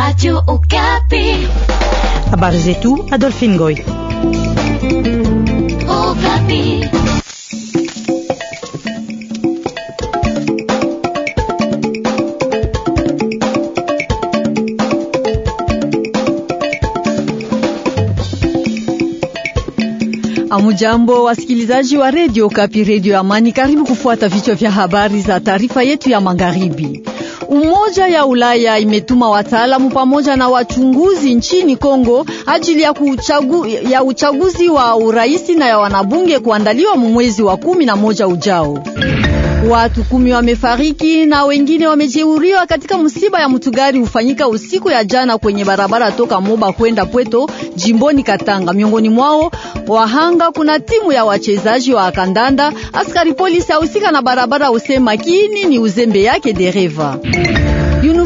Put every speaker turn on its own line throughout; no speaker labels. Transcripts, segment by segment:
Radio Okapi.
Habari zetu Adolphine Goy.
Okapi.
Amujambo, wasikilizaji wa Radio Kapi, Radio Amani. Karibu kufuata vichwa vya habari za taarifa yetu ya magharibi. Umoja ya Ulaya imetuma wataalamu pamoja na wachunguzi nchini Kongo ajili ya, kuchagu, ya uchaguzi wa uraisi na ya wanabunge kuandaliwa mwezi wa kumi na moja ujao. Watu kumi wamefariki na wengine wamejeruhiwa katika msiba ya Mutugari hufanyika usiku ya jana kwenye barabara toka Moba kwenda Pweto jimboni Katanga. Miongoni mwao wahanga kuna timu ya wachezaji wa kandanda. Askari polisi ahusika na barabara usema kini ni uzembe yake dereva.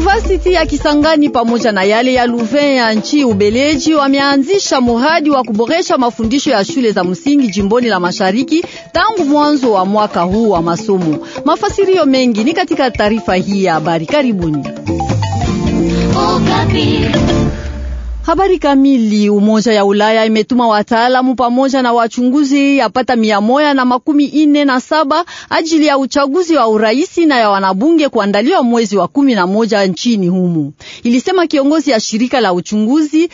University ya Kisangani pamoja na yale ya Louvain ya nchi Ubeleji wameanzisha muradi wa kuboresha mafundisho ya shule za msingi jimboni la Mashariki tangu mwanzo wa mwaka huu wa masomo. Mafasirio mengi ni katika taarifa hii ya habari. Karibuni. Oh, Habari kamili. Umoja ya Ulaya imetuma wataalamu pamoja na wachunguzi yapata mia moja na makumi ine na saba ajili ya uchaguzi wa uraisi na ya wanabunge kuandaliwa mwezi wa kumi na moja nchini humu, ilisema kiongozi ya shirika la uchunguzi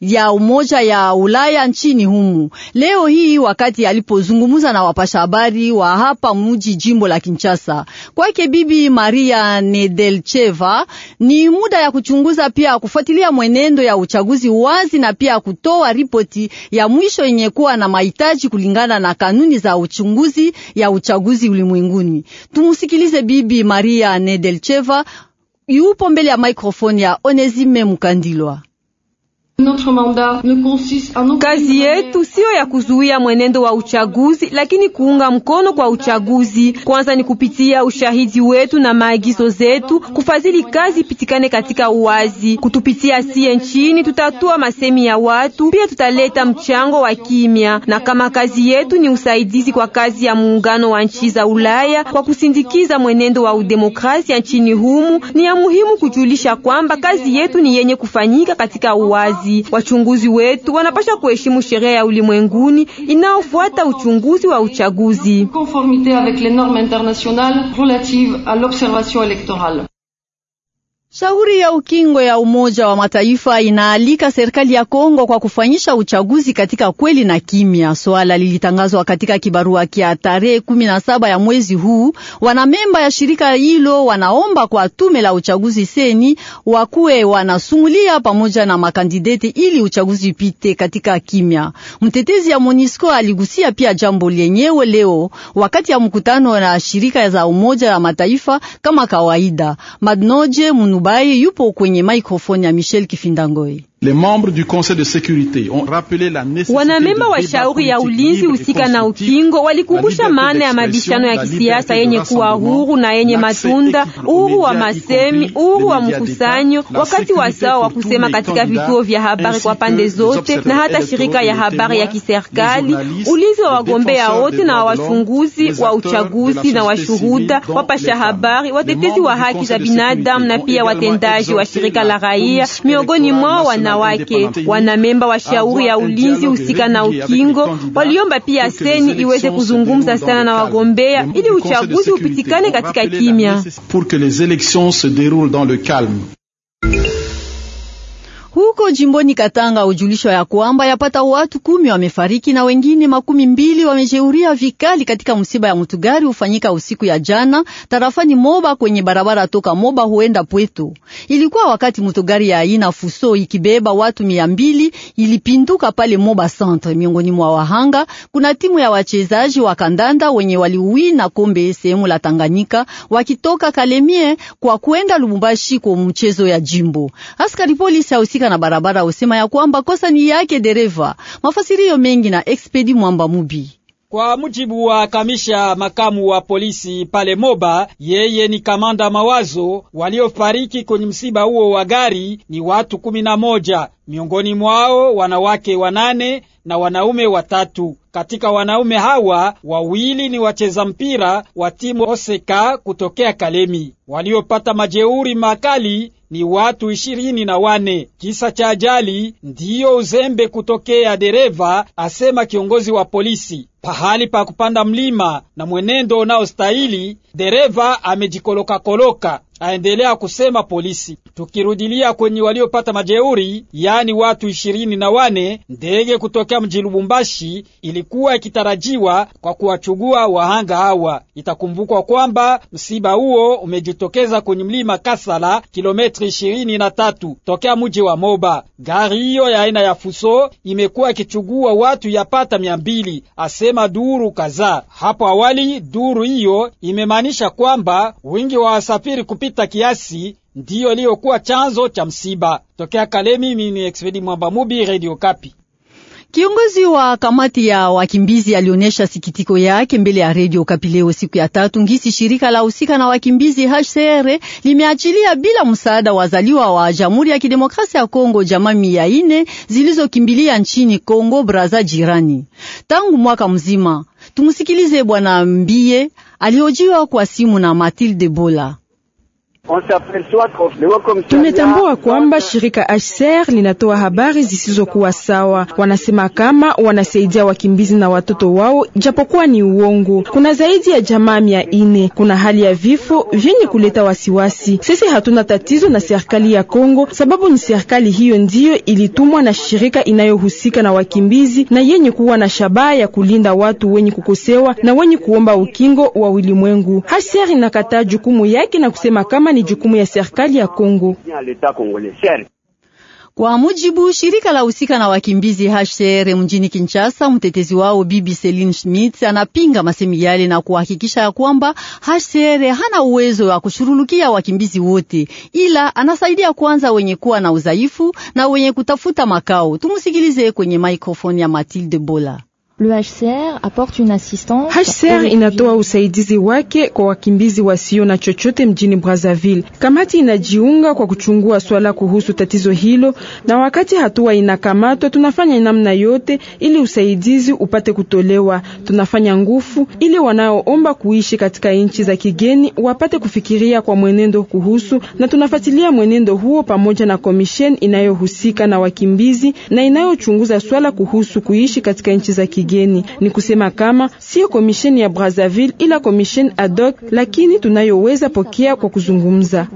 ya Umoja ya Ulaya nchini humu leo hii, wakati alipozungumza na wapasha habari wa hapa mji jimbo la Kinshasa. Kwake Bibi Maria Nedelcheva, ni muda ya kuchunguza pia kufuatilia mwenendo ya uchaguzi wazi na pia kutoa ripoti ya mwisho yenye kuwa na mahitaji kulingana na kanuni za uchunguzi ya uchaguzi ulimwenguni. Tumusikilize Bibi Maria Nedelcheva, yupo mbele ya mikrofoni ya
Onesime Mukandilwa. Kazi yetu siyo ya kuzuia mwenendo wa uchaguzi, lakini kuunga mkono kwa uchaguzi. Kwanza ni kupitia ushahidi wetu na maagizo zetu, kufadhili kazi ipitikane katika uwazi. Kutupitia sie nchini, tutatua masemi ya watu, pia tutaleta mchango wa kimya. Na kama kazi yetu ni usaidizi kwa kazi ya muungano wa nchi za Ulaya kwa kusindikiza mwenendo wa udemokrasia nchini humu, ni ya muhimu kujulisha kwamba kazi yetu ni yenye kufanyika katika uwazi kazi. Wachunguzi wetu wanapasha kuheshimu sheria ya ulimwenguni inayofuata uchunguzi wa uchaguzi. Shauri ya ukingo
ya Umoja wa Mataifa inaalika serikali ya Kongo kwa kufanyisha uchaguzi katika kweli na kimya. Swala lilitangazwa katika kibarua kia tarehe 17 ya mwezi huu. Wanamemba ya shirika hilo wanaomba kwa tume la uchaguzi seni wakuwe wanasumulia pamoja na makandideti ili uchaguzi upite katika kimya. Mtetezi ya Monisco aligusia pia jambo lenyewe leo wakati ya mkutano na shirika za Umoja wa Mataifa kama kawaida. Madnoje munu Rubai yupo kwenye
maikrofoni ya Michel Kifindangoi. Wanamemba wa shauri ya ulinzi husika na ukingo walikumbusha maana ya mabishano ya kisiasa yenye kuwa huru na yenye matunda, uhuru wa masemi, uhuru wa mkusanyo, wakati wa sawa wa kusema katika vituo vya habari kwa pande zote na hata shirika ya habari ya kiserikali, ulinzi wa wagombea wote na wa wachunguzi wa uchaguzi na washuhuda, wapasha habari, watetezi wa haki za binadamu na pia watendaji wa shirika la raia, miongoni mwao wana wanawake, wanamemba wa shauri ya ulinzi husika na ukingo, waliomba pia seni iweze kuzungumza sana na wagombea ili uchaguzi upitikane katika kimya.
Huko jimboni Katanga ujulisho ya kwamba yapata watu kumi wamefariki na wengine makumi mbili wamejeuria vikali katika msiba ya Mutugari ufanyika usiku ya jana tarafani Moba kwenye barabara toka Moba huenda Pweto. Ilikuwa wakati Mutugari ya aina Fuso ikibeba watu mia mbili ilipinduka pale Moba Centre. Miongoni mwa wahanga kuna timu ya wachezaji wa kandanda wenye waliwina kombe sehemu la Tanganyika wakitoka Kalemie kwa kwenda Lubumbashi kwa mchezo ya jimbo. Askari polisi kuhusika na barabara usema ya kwamba kosa ni yake dereva. Mafasirio mengi na Expedi Mwamba Mubi.
Kwa mujibu wa kamisha makamu wa polisi pale Moba, yeye ni kamanda mawazo. Waliofariki kwenye msiba huo wa gari ni watu kumi na moja, miongoni mwao wanawake wanane na wanaume watatu. Katika wanaume hawa wawili ni wacheza mpira wa timu Oseka kutokea Kalemi. Waliopata majeuri makali ni watu ishirini na wane. Kisa cha ajali ndiyo uzembe kutokea dereva, asema kiongozi wa polisi. Pahali pa kupanda mlima na mwenendo unaostahili, dereva amejikoloka koloka aendelea kusema polisi. Tukirudilia kwenye waliopata majeuri, yaani watu ishirini na wane, ndege kutokea mji Lubumbashi ilikuwa ikitarajiwa kwa kuwachugua wahanga hawa. Itakumbukwa kwamba msiba huo umejitokeza kwenye mlima Kasala, kilometri ishirini na tatu tokea mji wa Moba. Gari hiyo ya aina ya Fuso imekuwa ikichugua watu yapata mia mbili, asema duru kadhaa. Hapo awali duru hiyo imemaanisha kwamba wingi wa wasafiri kupita kupita kiasi ndiyo iliyokuwa chanzo cha msiba. Tokea kale, mimi ni Expedi Mwamba Mubi, Radio Kapi. Kiongozi wa
kamati ya wakimbizi alionyesha sikitiko yake mbele ya redio Kapileo siku ya tatu ngisi shirika la husika na wakimbizi HCR limeachilia bila msaada wazaliwa wa Jamhuri ya Kidemokrasia ya Kongo jamaa mia ine zilizokimbilia nchini Kongo Braza jirani tangu mwaka mzima. Tumusikilize Bwana Mbie alihojiwa kwa simu na Matilde Bola.
Tumetambua
kwamba shirika HCR linatoa habari zisizokuwa sawa. Wanasema kama wanasaidia wakimbizi na watoto wao, japokuwa ni uongo. Kuna zaidi ya jamaa mia ine. Kuna hali ya vifo vyenye kuleta wasiwasi. Sisi hatuna tatizo na serikali ya Kongo, sababu ni serikali hiyo ndiyo ilitumwa na shirika inayohusika na wakimbizi na yenye kuwa na shabaha ya kulinda watu wenye kukosewa na wenye kuomba ukingo wa ulimwengu.
HCR inakataa jukumu yake na kusema kama ni ni jukumu ya serikali ya Kongo. Kwa mujibu shirika la husika na wakimbizi HCR mjini Kinshasa, mtetezi wao Bibi Celine Schmidt anapinga masemi yale na kuhakikisha ya kwamba HCR hana uwezo wa kushurulukia wakimbizi wote, ila anasaidia kwanza wenye kuwa na udhaifu na wenye kutafuta makao. Tumusikilize kwenye mikrofoni ya Mathilde Bola.
Le HCR apporte une assistance. HCR inatoa usaidizi wake kwa wakimbizi wasio na chochote mjini Brazzaville. Kamati inajiunga kwa kuchungua swala kuhusu tatizo hilo, na wakati hatua inakamatwa, tunafanya namna yote ili usaidizi upate kutolewa. Tunafanya nguvu ili wanaoomba kuishi katika nchi za kigeni wapate kufikiria kwa mwenendo kuhusu, na tunafuatilia mwenendo huo pamoja na commission inayohusika na wakimbizi na inayochunguza swala kuhusu kuishi katika nchi za kigeni kigeni. Ni kusema kama sio komisheni ya Brazzaville, ila komisheni ad hoc,
lakini tunayoweza pokea kwa kuzungumza.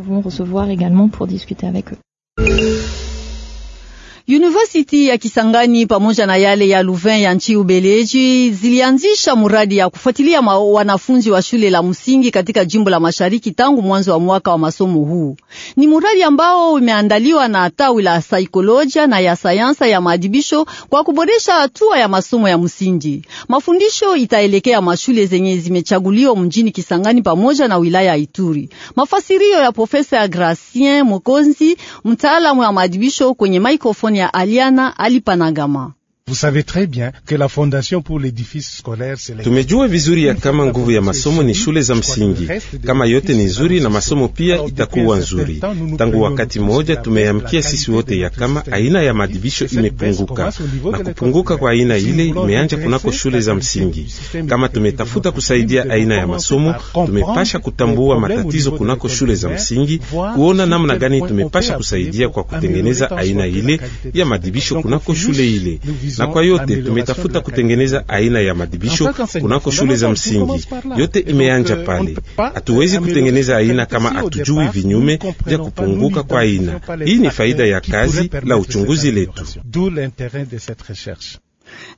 University ya Kisangani pamoja na yale ya Louvain ya nchi Ubeleji zilianzisha muradi ya kufuatilia wanafunzi wa shule la msingi katika jimbo la Mashariki tangu mwanzo wa mwaka wa masomo huu. Ni muradi ambao umeandaliwa na tawi la saikolojia na ya sayansa ya maadibisho kwa kuboresha hatua ya masomo ya msingi. Mafundisho itaelekea mashule zenye zimechaguliwa mjini Kisangani pamoja na wilaya ya Ituri. Mafasirio ya Profesa Gracien Mokonzi, mtaalamu wa maadibisho kwenye microphone ya Aliana alipanagama
Vous savez très bien que la fondation pour scolaire c'est tumejua vizuri ya kama nguvu ya masomo ni shule za msingi. Kama yote ni nzuri na masomo pia itakuwa nzuri. Tangu wakati mmoja tumeamkia sisi wote ya kama aina ya madibisho imepunguka, na kupunguka kwa aina ile imeanja kunako shule za msingi. Kama tumetafuta kusaidia aina ya masomo, tumepasha kutambua matatizo kunako shule za msingi, kuona namna gani tumepasha kusaidia kwa kutengeneza aina ile ya madibisho kunako shule ile na kwa yote tumetafuta kutengeneza aina ya madibisho kunako shule za msingi. Yote imeanja euh, pale, hatuwezi kutengeneza aina kama hatujui vinyume vya kupunguka kwa aina hii. Ni faida ya kazi la uchunguzi letu.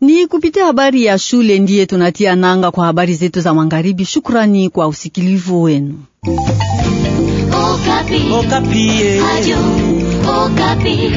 Ni
kupitia habari ya shule ndiye tunatia nanga kwa habari zetu za magharibi. Shukrani kwa usikilivu wenu.
Okapi. Okapi. Eh. Okapi.